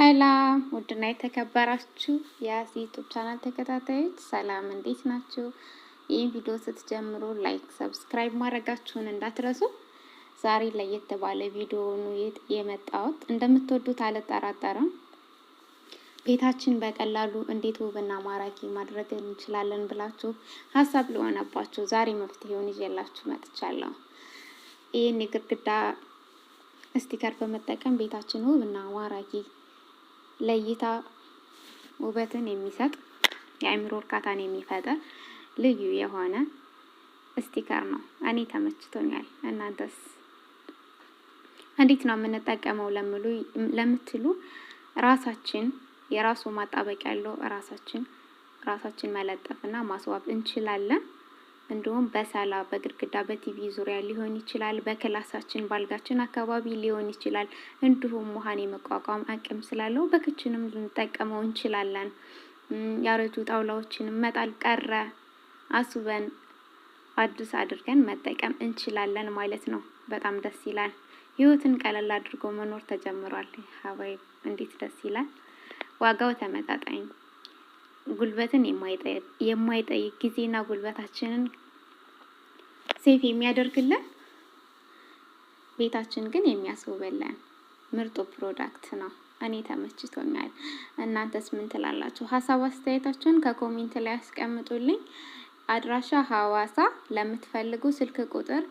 ሰላም ውድና የተከበራችሁ የአዚ ቻናል ተከታታዮች ሰላም፣ እንዴት ናችሁ? ይህን ቪዲዮ ስትጀምሩ ላይክ፣ ሰብስክራይብ ማድረጋችሁን እንዳትረሱ። ዛሬ ለየት ባለ ቪዲዮ ነው የመጣሁት። እንደምትወዱት አልጠራጠርም። ቤታችን በቀላሉ እንዴት ውብና ማራኪ ማድረግ እንችላለን ብላችሁ ሀሳብ ለሆነባችሁ ዛሬ መፍትሄውን ይዤላችሁ መጥቻለሁ። ይህን የግድግዳ ስቲከር በመጠቀም ቤታችን ውብና ማራኪ ለእይታ ውበትን የሚሰጥ የአእምሮ እርካታን የሚፈጥር ልዩ የሆነ ስቲከር ነው። እኔ ተመችቶኛል። እናንተስ እንዴት ነው የምንጠቀመው ለምትሉ ራሳችን የራሱ ማጣበቂያ ያለው ራሳችን ራሳችን መለጠፍና ማስዋብ እንችላለን። እንዲሁም በሰላ በግድግዳ በቲቪ ዙሪያ ሊሆን ይችላል። በክላሳችን ባልጋችን አካባቢ ሊሆን ይችላል። እንዲሁም ውሃን የመቋቋም አቅም ስላለው በክችንም ልንጠቀመው እንችላለን። ያረጁ ጣውላዎችን መጣል ቀረ አስበን አዲስ አድርገን መጠቀም እንችላለን ማለት ነው። በጣም ደስ ይላል። ህይወትን ቀለል አድርጎ መኖር ተጀምሯል። ሀባይ እንዴት ደስ ይላል! ዋጋው ተመጣጣኝ ጉልበትን የማይጠይቅ ጊዜና ጉልበታችንን ሴፍ የሚያደርግልን ቤታችን ግን የሚያስውብልን ምርጡ ፕሮዳክት ነው። እኔ ተመችቶኛል። እናንተስ ምን ትላላችሁ? ሀሳብ አስተያየታችሁን ከኮሜንት ላይ ያስቀምጡልኝ። አድራሻ ሀዋሳ ለምትፈልጉ ስልክ ቁጥር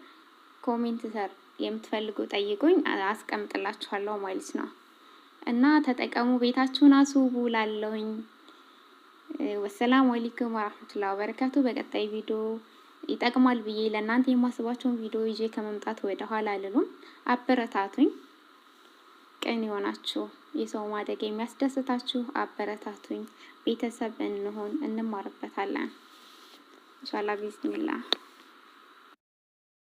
ኮሜንት ሰር የምትፈልጉ ጠይቁኝ፣ አስቀምጥላችኋለሁ ማለት ነው። እና ተጠቀሙ፣ ቤታችሁን አስውቡ ላለውኝ ወሰላም አለይኩም ወራህመቱላሂ ወበረካቱ። በቀጣይ ቪዲዮ ይጠቅማል ብዬ ለእናንተ የማስባቸውን ቪዲዮ ይዤ ከመምጣት ወደ ኋላ አልልም። አበረታቱኝ። ቀን ይሆናችሁ፣ የሰው ማደግ የሚያስደስታችሁ አበረታቱኝ። ቤተሰብ እንሆን፣ እንማርበታለን። ኢንሻአላህ ቢስሚላህ